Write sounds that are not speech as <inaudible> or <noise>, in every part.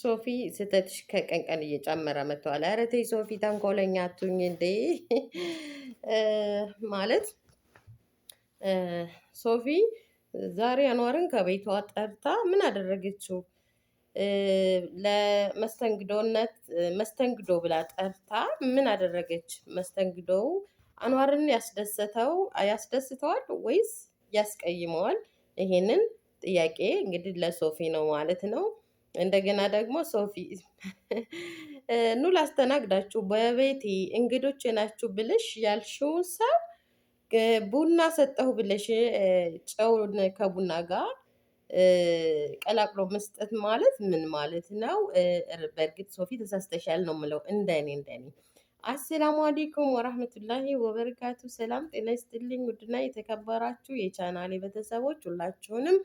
ሶፊ ስህተትሽ ከቀን ቀን እየጨመረ መጥተዋል። ኧረ ተይ ሶፊ ተንኮለኛ አትሁኝ እንዴ! ማለት ሶፊ ዛሬ አኗርን ከቤቷ ጠርታ ምን አደረገችው? ለመስተንግዶነት መስተንግዶ ብላ ጠርታ ምን አደረገች? መስተንግዶው አኗርን ያስደሰተው ያስደስተዋል ወይስ ያስቀይመዋል? ይሄንን ጥያቄ እንግዲህ ለሶፊ ነው ማለት ነው። እንደገና ደግሞ ሶፊ <laughs> ኑ ላስተናግዳችሁ በቤቴ እንግዶች ናችሁ ብልሽ ያልሽውን ሰው ቡና ሰጠሁ ብለሽ ጨውን ከቡና ጋር ቀላቅሎ መስጠት ማለት ምን ማለት ነው? በእርግጥ ሶፊ ተሳስተሻል ነው የምለው። እንደኔ እንደኔ አሰላሙ አሌይኩም ወራህመቱላሂ ወበረካቱ። ሰላም ጤና ይስጥልኝ። ውድና የተከበራችሁ የቻናሌ ቤተሰቦች ሁላችሁንም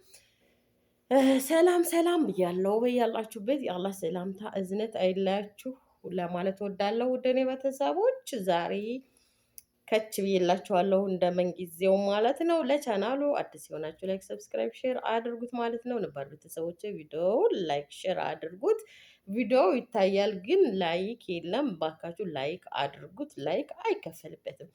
ሰላም ሰላም ብያለው በያላችሁበት የአላህ ሰላምታ እዝነት አይለያችሁ ለማለት ወዳለው ውደኔ ቤተሰቦች ዛሬ ከች ብዬላችኋለሁ እንደ ምንጊዜው ማለት ነው። ለቻናሉ አዲስ የሆናችሁ ላይክ፣ ሰብስክራይብ፣ ሼር አድርጉት ማለት ነው። ነባር ቤተሰቦች ቪዲዮ ላይክ፣ ሼር አድርጉት። ቪዲዮ ይታያል ግን ላይክ የለም። ባካችሁ ላይክ አድርጉት። ላይክ አይከፈልበትም።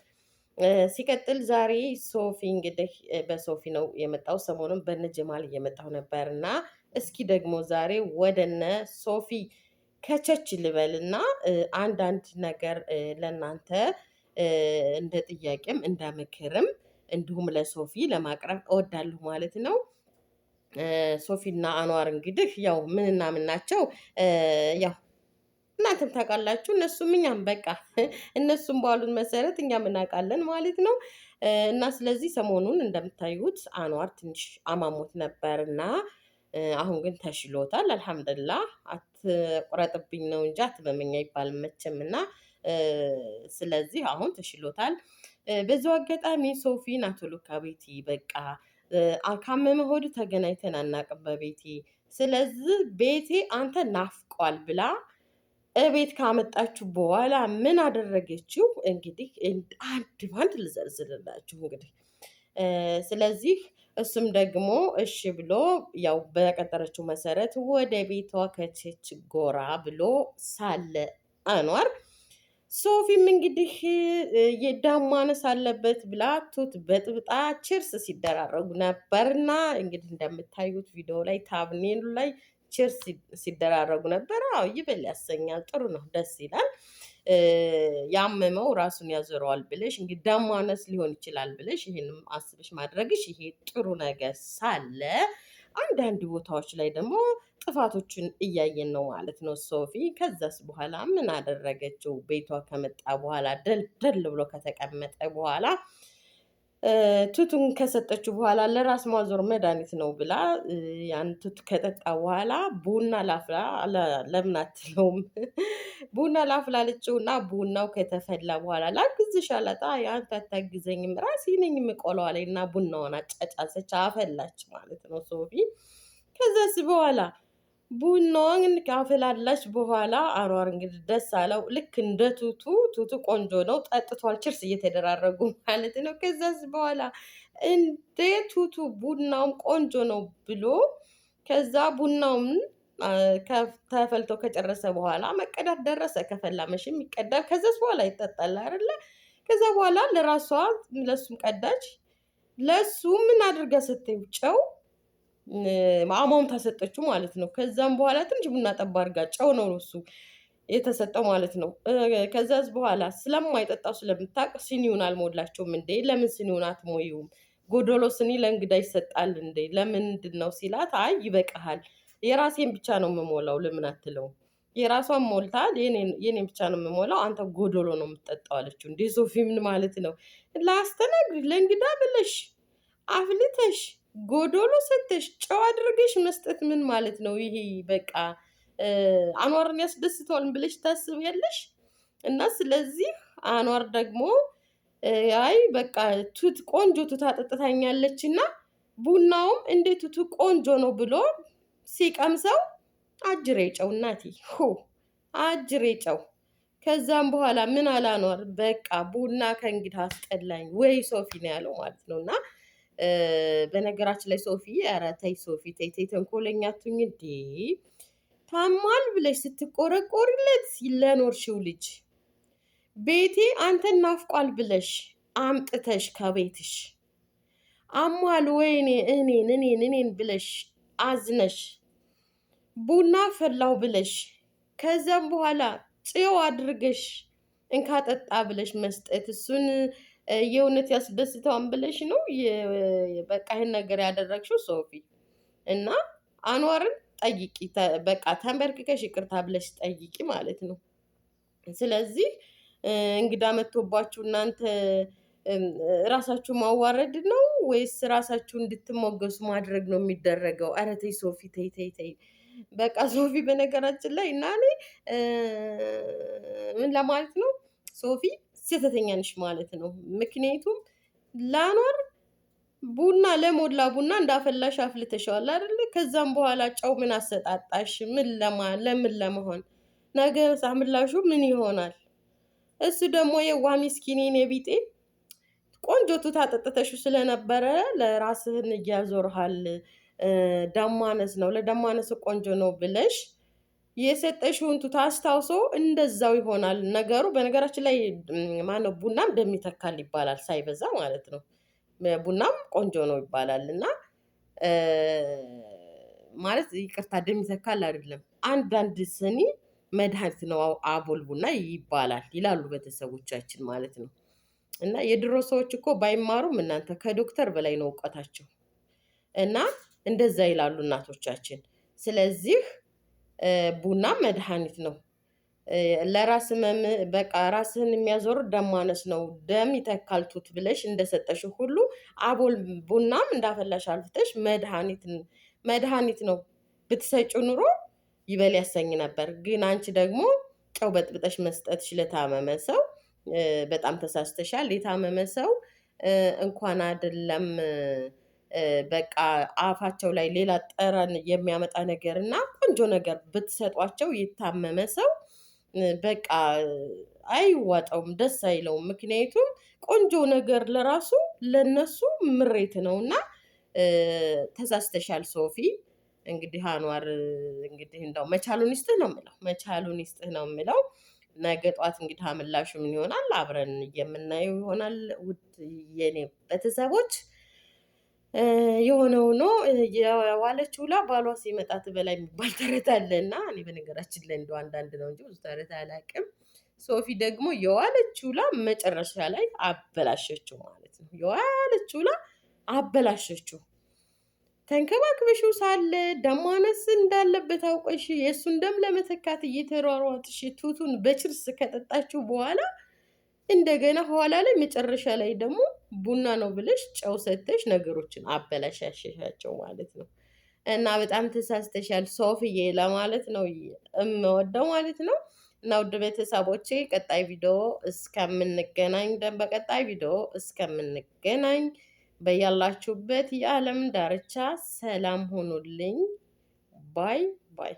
ሲቀጥል ዛሬ ሶፊ እንግዲህ በሶፊ ነው የመጣው። ሰሞኑን በነ ጀማል እየመጣው ነበር እና እስኪ ደግሞ ዛሬ ወደነ ሶፊ ከቸች ልበልና አንዳንድ ነገር ለእናንተ እንደ ጥያቄም እንዳመክርም እንዲሁም ለሶፊ ለማቅረብ እወዳለሁ ማለት ነው። ሶፊና አኗር እንግዲህ ያው ምንና ምን ናቸው ያው እናንተም ታውቃላችሁ፣ እነሱም እኛም በቃ <laughs> እነሱም ባሉን መሰረት እኛም እናውቃለን ማለት ነው። እና ስለዚህ ሰሞኑን እንደምታዩት አኗር ትንሽ አማሞት ነበርና አሁን ግን ተሽሎታል። አልሐምድላ አትቁረጥብኝ ነው እንጂ አትመመኝ አይባልም መቼም እና ስለዚህ አሁን ተሽሎታል። በዚሁ አጋጣሚ ሶፊን አቶ ሉካ ቤቲ በቃ ካመመ ሆድ ተገናኝተን አናቅም በቤቴ ስለዚህ ቤቴ አንተ ናፍቋል ብላ እቤት ካመጣችሁ በኋላ ምን አደረገችው? እንግዲህ አንድ ባንድ ልዘርዝርላችሁ። እንግዲህ ስለዚህ እሱም ደግሞ እሺ ብሎ ያው በቀጠረችው መሰረት ወደ ቤቷ ከቼች ጎራ ብሎ ሳለ አኗር ሶፊም እንግዲህ የዳም ማነስ አለበት ብላ ቱት በጥብጣ ችርስ ሲደራረጉ ነበርና እንግዲህ እንደምታዩት ቪዲዮ ላይ ታብኔሉ ላይ ቼር ሲደራረጉ ነበር። አዎ ይበል ያሰኛል። ጥሩ ነው፣ ደስ ይላል። ያመመው ራሱን ያዞረዋል ብለሽ እንግዲህ ደም ሊሆን ይችላል ብለሽ ይህንም አስበሽ ማድረግሽ ይሄ ጥሩ ነገር ሳለ አንዳንድ ቦታዎች ላይ ደግሞ ጥፋቶችን እያየን ነው ማለት ነው። ሶፊ ከዛስ በኋላ ምን አደረገችው? ቤቷ ከመጣ በኋላ ደልደል ብሎ ከተቀመጠ በኋላ ቱቱን ከሰጠችው በኋላ ለራስ ማዞር መድኃኒት ነው ብላ ያን ቱቱ ከጠጣ በኋላ ቡና ላፍላ ለምን አትለውም? <laughs> ቡና ላፍላ ልጭው እና ቡናው ከተፈላ በኋላ ላግዝሽ አላት። አይ አንተ አታግዘኝም ራሴ ነኝ የምቆለው አለኝ እና ቡናውን አጫጫሰች አፈላች ማለት ነው ሶፊ ከዛስ በኋላ ቡናውን ካፈላለች በኋላ አኗር እንግዲህ ደስ አለው። ልክ እንደ ቱቱ ቱቱ ቆንጆ ነው፣ ጠጥቷል። ችርስ እየተደራረጉ ማለት ነው። ከዛስ በኋላ እንደ ቱቱ ቡናውም ቆንጆ ነው ብሎ ከዛ ቡናውም ተፈልቶ ከጨረሰ በኋላ መቀዳት ደረሰ። ከፈላ መሽም ይቀዳል። ከዛስ በኋላ ይጠጣል አይደለ? ከዛ በኋላ ለራሷ ለሱም ቀዳች። ለሱ ምን አድርጋ ጨው አማውንት ተሰጠችው ማለት ነው። ከዛም በኋላ ትንሽ ቡና ጠባ አድርጋ ጨው ነው እሱ የተሰጠው ማለት ነው። ከዛዝ በኋላ ስለማይጠጣው ስለምታቅ ሲኒውን አልሞላቸውም እንዴ? ለምን ሲኒውን አትሞይውም? ጎዶሎ ስኒ ለእንግዳ ይሰጣል እንዴ? ለምንድን ነው ሲላት፣ አይ ይበቃሃል፣ የራሴን ብቻ ነው የምሞላው። ለምን አትለውም? የራሷን ሞልታ የኔን ብቻ ነው የምሞላው፣ አንተ ጎዶሎ ነው የምትጠጣው አለችው። እንዴ ሶፊ ምን ማለት ነው? ላስተናግድ ለእንግዳ ብለሽ አፍልተሽ ጎዶሎ ሰተሽ ጨው አድርገሽ መስጠት ምን ማለት ነው? ይሄ በቃ አኗርን ያስደስተዋል ብለሽ ታስቢያለሽ። እና ስለዚህ አኗር ደግሞ አይ በቃ ቱት ቆንጆ ቱት አጠጥታኛለች እና ቡናውም እንዴት ቱቱ ቆንጆ ነው ብሎ ሲቀምሰው አጅሬ ጨው እናቴ ሆ አጅሬ ጨው። ከዛም በኋላ ምን አላኗር በቃ ቡና ከእንግዲህ አስጠላኝ ወይ ሶፊ ነው ያለው ማለት ነው እና በነገራችን ላይ ሶፊ ኧረ ተይ ሶፊ ተይ ተይ ተንኮለኛ እንዴ ታሟል ብለሽ ስትቆረቆርለት ለኖርሽው ልጅ ቤቴ አንተን ናፍቋል ብለሽ አምጥተሽ ከቤትሽ አሟል ወይኔ እኔን እኔን እኔን ብለሽ አዝነሽ ቡና ፈላው ብለሽ ከዚያም በኋላ ጭው አድርገሽ እንካጠጣ ብለሽ መስጠት እሱን የእውነት ያስደስተዋን ብለሽ ነው በቃ ይህን ነገር ያደረግሽው ሶፊ። እና አንዋርን ጠይቂ፣ በቃ ተንበርክከሽ ይቅርታ ብለሽ ጠይቂ ማለት ነው። ስለዚህ እንግዳ መጥቶባችሁ እናንተ ራሳችሁ ማዋረድ ነው ወይስ ራሳችሁ እንድትሞገሱ ማድረግ ነው የሚደረገው? ኧረ ተይ ሶፊ፣ ተይ ተይ ተይ። በቃ ሶፊ፣ በነገራችን ላይ እና እኔ ምን ለማለት ነው ሶፊ ስህተተኛ ነሽ ማለት ነው። ምክንያቱም ላኖር ቡና ለሞላ ቡና እንዳፈላሽ አፍልተሸዋል አይደለ? ከዛም በኋላ ጨው ምን አሰጣጣሽ? ምን ለማ ለምን ለመሆን ነገ ምላሹ ምን ይሆናል? እሱ ደግሞ የዋ ሚስኪኔን የቢጤ ቆንጆ ቱታ ጠጥተሹ ስለነበረ ለራስህን እያዞርሃል። ዳማነስ ነው ለዳማነስ ቆንጆ ነው ብለሽ የሰጠሽውን ቱታ አስታውሶ እንደዛው ይሆናል ነገሩ። በነገራችን ላይ ማነው ቡናም ደም ይተካል ይባላል፣ ሳይበዛ ማለት ነው። ቡናም ቆንጆ ነው ይባላል እና ማለት ይቅርታ፣ ደም ይተካል አይደለም። አንዳንድ ስኒ መድኃኒት ነው አቦል ቡና ይባላል ይላሉ ቤተሰቦቻችን ማለት ነው። እና የድሮ ሰዎች እኮ ባይማሩም እናንተ ከዶክተር በላይ ነው እውቀታቸው እና እንደዛ ይላሉ እናቶቻችን። ስለዚህ ቡና መድኃኒት ነው። ለራስ ህመም በቃ ራስህን የሚያዞር ደም ማነስ ነው። ደም ይተካል ጡት ብለሽ እንደሰጠሽ ሁሉ አቦል ቡናም እንዳፈላሽ አልፍተሽ መድኃኒት ነው ብትሰጪው ኑሮ ይበል ያሰኝ ነበር። ግን አንቺ ደግሞ ጨው በጥብጠሽ መስጠትሽ ለታመመ ሰው በጣም ተሳስተሻል። የታመመ ሰው እንኳን አይደለም በቃ አፋቸው ላይ ሌላ ጠረን የሚያመጣ ነገር እና ቆንጆ ነገር ብትሰጧቸው የታመመ ሰው በቃ አይዋጠውም፣ ደስ አይለውም። ምክንያቱም ቆንጆ ነገር ለራሱ ለነሱ ምሬት ነው እና ተሳስተሻል ሶፊ። እንግዲህ አኗር እንግዲህ እንደው መቻሉን ይስጥህ ነው የምለው፣ መቻሉን ይስጥህ ነው የምለው። ነገ ጧት እንግዲህ አምላሹ ምን ይሆናል አብረን የምናየው ይሆናል። ውድ የኔ ቤተሰቦች የሆነ ሆኖ የዋለች ውላ ባሏ ሲመጣ ትበላ የሚባል ተረት አለ እና እኔ በነገራችን ላይ እንደው አንዳንድ ነው እንጂ ብዙ ተረት አላውቅም። ሶፊ ደግሞ የዋለች ውላ መጨረሻ ላይ አበላሸችው ማለት ነው። የዋለች ውላ አበላሸችው። ተንከባክበሽው ሳለ ደማነስ እንዳለበት አውቀሽ የእሱን ደም ለመተካት እየተሯሯጥሽ ቱቱን በችርስ ከጠጣችው በኋላ እንደገና ኋላ ላይ መጨረሻ ላይ ደግሞ ቡና ነው ብለሽ ጨው ሰተሽ ነገሮችን አበላሻሸሻቸው ማለት ነው። እና በጣም ተሳስተሻል ሶፍዬ ለማለት ነው እምወደው ማለት ነው። እና ውድ ቤተሰቦቼ ቀጣይ ቪዲዮ እስከምንገናኝ በቀጣይ ቪዲዮ እስከምንገናኝ በያላችሁበት የዓለም ዳርቻ ሰላም ሆኑልኝ። ባይ ባይ።